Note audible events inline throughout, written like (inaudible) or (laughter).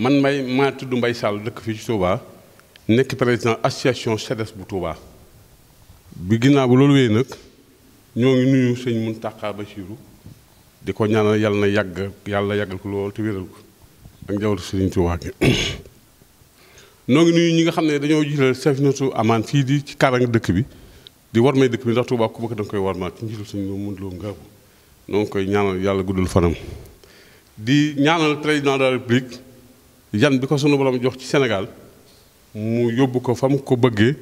man may maa tudd mbay Sall dëkk fii ci Touba nekk président association CEDES bu Touba bi ginnaaw bu loolu wéy nag ñoo ngi nuyu sëñ Mountakha Bassirou di ko ñaanal yàlla na yàgg yàlla yàggal ko lool te wéral ko ak njabootu sëriñ Touba gi (coughs) noo ngi nuyu ñi nga xam ne dañoo jiital Safinatou Amaan fii di ci kaarang dëkk bi di war may dëkk bi ndax Touba ku bëgg da nga koy war maa sëñ Lo Moundou Lo Ngabou noo ngi koy ñaanal yàlla guddul fanam di ñaanal président de république yan bi ko sunu borom jox ci Sénégal mu yóbbu ko fam ko bëggee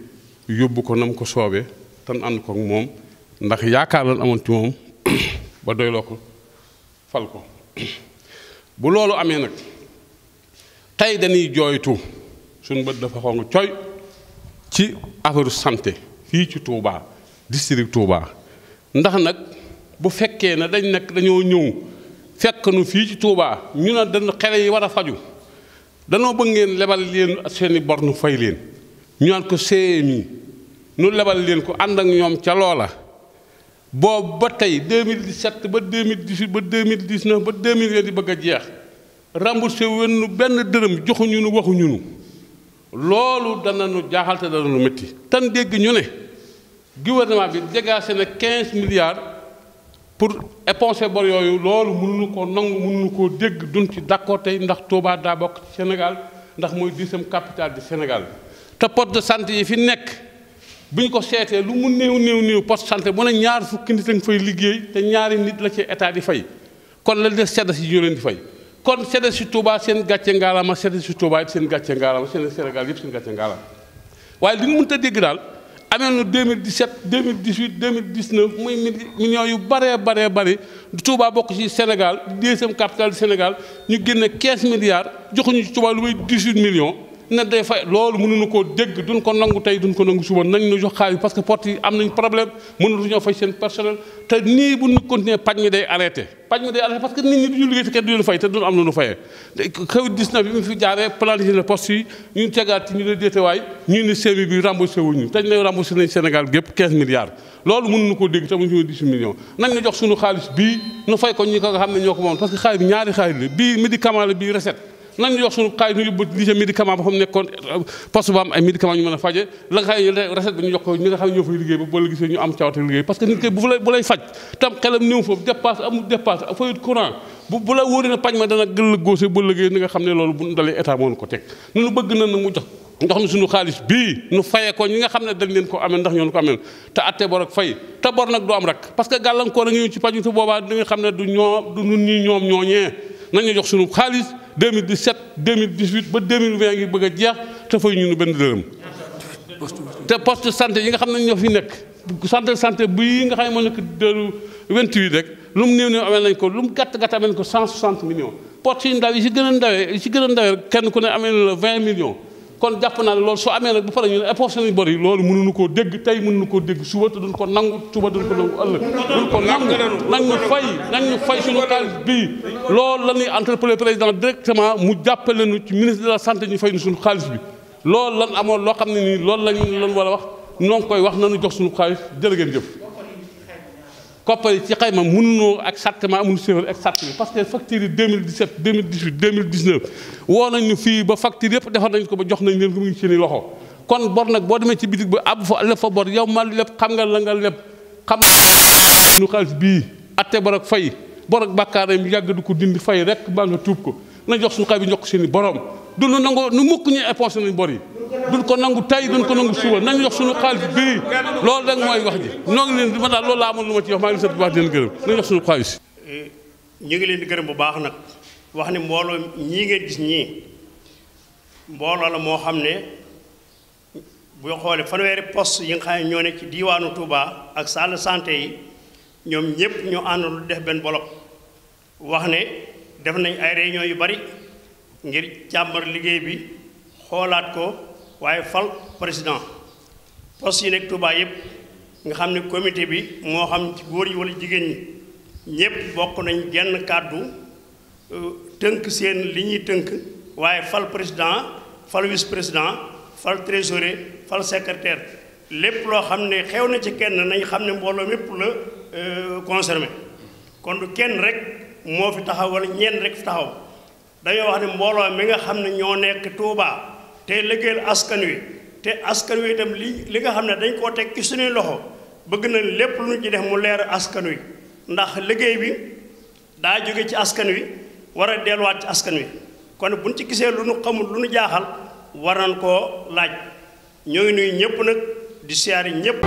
yóbbu ko nam ko soobee tan ànd ko ak moom ndax yaakaar lan amoon ci moom (coughs) ba doyloo ko fal ko (coughs) bu loolu amee nag tey dañuy jooytu suñu bët dafa xong cooy ci affaire santé fii ci Touba district tuubaa ndax nag bu fekkee ne dañ nekk dañoo ñëw fekk nu fii ci tuubaa ñu ne dañ xale yi war a faju danoo bëgg ngeen lebal leen seeni bor nu fay leen ñu naan ko CMI nu lebal leen ko ànd ak ñoom ca loola boobu ba tey 2017 ba 2018 ba 2019 ba 2020 di bëgg a jeex remboursé wen nu benn dërëm joxuñu nu waxuñu nu loolu dana nu jaaxalte te dana nu métti tan dégg ñu ne gouvernement bi dégaase na 15 milliards pour époncer bor yooyu loolu mënuñu ko nangu mënuñu koo dégg duñ ci d'accord tey ndax Touba daa bokk ci Sénégal ndax mooy dixième capitale du Sénégal te pot de santé yi fi nekk bu ñu ko seetee lu mu néew néew néew poste de santé mu ne ñaar fukki nit a ngi fay liggéey te ñaari nit la ci état di fay kon la des sedda si ñu di fay kon sedda si Touba seen gàcce ngaalaama sedda si Touba seen gàcce ngaalaama seen Sénégal yëpp seen gàcce ngaalaama waaye na deux amee nu 2017 2018 2019 muy millions yu bëree baree bëri Touba bokk ci Sénégal deuxième capitale capital Sénégal ñu génne quinze milliards joxuñu ci Touba lu may 18 millions. ne day fay loolu mënuñu koo dégg duñ ko nangu tey duñ ko nangu suba nañ ñu jox xaalis parce que porte yi am nañ problème mënuñoo fay seen personnel te nii bu ñu continuer paj mi day arrêté paj mi day arrêté parce que nit ñu liggéey te du leen fay te duñ am lu ñu fayee covid 19 bi mu fi jaaree planifié na poste yi ñu tegaat ci ñu ne déetewaay ñu ne seemi bi remboursé wuñu te ñu ne remboursé nañ Sénégal gépp 15 milliards loolu mënuñu koo dégg te xaalis bi ñaari xaalis la bii médicament la bii nan ñu wax suñu xaalis ñu yóbbu li ca médicament ba euh, a faje la nga xam ne bi fay liggéey na pañ ma dana bii nu fayee ko ñi nga xam ne dañ leen ko amee ndax ñoon ko amee te atte bor ak fay te bor nag du am rek parce que gàllankoor a ngi ci paju te boobaa di nga xam ne du ñoo du nun ñi ñoom ñooñee nañu jox suñu xaalis 2017 2018 ba 2020 ngi bëgg a jeex te fay ñu nu benn dërëm. te poste santé yi nga xam ne ñoo fi nekk santé santé bii nga xam ne moo nekk dëru 28 rek lu mu néew néew amee nañ ko lu mu gàtt gàtt amee nañ ko 160 millions. poste yi ndaw yi si gën a ndawee yi si gën a ndawee kenn ku ne amee na la 20 millions. kon jàpp naa ne loolu soo amee nag bu pare ñu ne époché nañu bor yi loolu mënuñu koo dégg tey mënuñu koo dégg suba te ko nangu suba duñ ko nangu ëllëg duñ ko nangu nañ ñu fay nañ ñu fay suñu xaalis bii loolu la ñuy directement mu jàppale nu ci ministre de la santé ñu fay nu suñu xaalis bi loolu lan amoon loo xam ne nii loolu lañ lan war a wax ñoo ngi koy wax nañu jox suñu xaalis jërë ngeen jëf koppar yi ci xayma mënunoo ak exactement amul chiffre exact bi parce que facture yi 2017 2018 2019 woo nañ ñu fii ba facture yëpp defar nañ ko ba jox nañ leen ko mu ngi seeni loxo kon bor nag boo demee ci bitig ba ab fa leb fa bor yow ma leb xam nga la nga leb xam nga ñu xaalis bii atte bor ak fay bor ak bàkkaar yi yàgg du ko dindi fay rek mbaa nga tuub ko na jox suñu xay bi ñokk seeni borom du nu nangoo nu mukk ñu éponse nañ yi duñ ko nangu tay duñ ko nangu suba nañu jox suñu xaalis bii loolu rek mooy wax ji noo ngi leen di ma daal loolu laa amoon lu ma ci wax maa ngi leen ñu ngi leen di gërëm bu baax nag wax ne mbooloo ñii ngeen gis ñii mbooloo la moo xam ne bu xoolee fanweeri post yi nga xam ne ñoo ne ci diiwaanu Touba ak salle santé yi ñoom ñépp ñoo àndul def benn bolok wax ne def nañ ay réunion yu bari ngir càmbar liggéey bi xoolaat ko waaye fal président poste yi nekk Touba yëpp nga xam ne comité bi moo xam ci góor yi wala jigéen ñi ñëpp bokk nañ genn kàddu euh, tënk seen li ñuy tënk waaye fal président fal vice président fal trésorier fal secrétaire lépp loo xam ne xew na ci kenn nañ xam ne mbooloo mépp la euh, concerné kon du kenn rek moo fi taxaw wala ñeen rek fi taxaw dañoo wax ne mbooloo mi nga xam ne ñoo nekk Touba. te liggéeyal askan wi te askan wi itam li li nga xam ne dañ koo teg ci suñuy loxo bëgg na lépp lu ñu ci def mu leer askan wi ndax liggéey bi daa jóge ci askan wi war a delluwaat ci askan wi kon buñ ci gisee lu nu xamul lu nu jaaxal war nañ koo laaj ñoo ngi nuyu ñëpp nag di siyaari ñëpp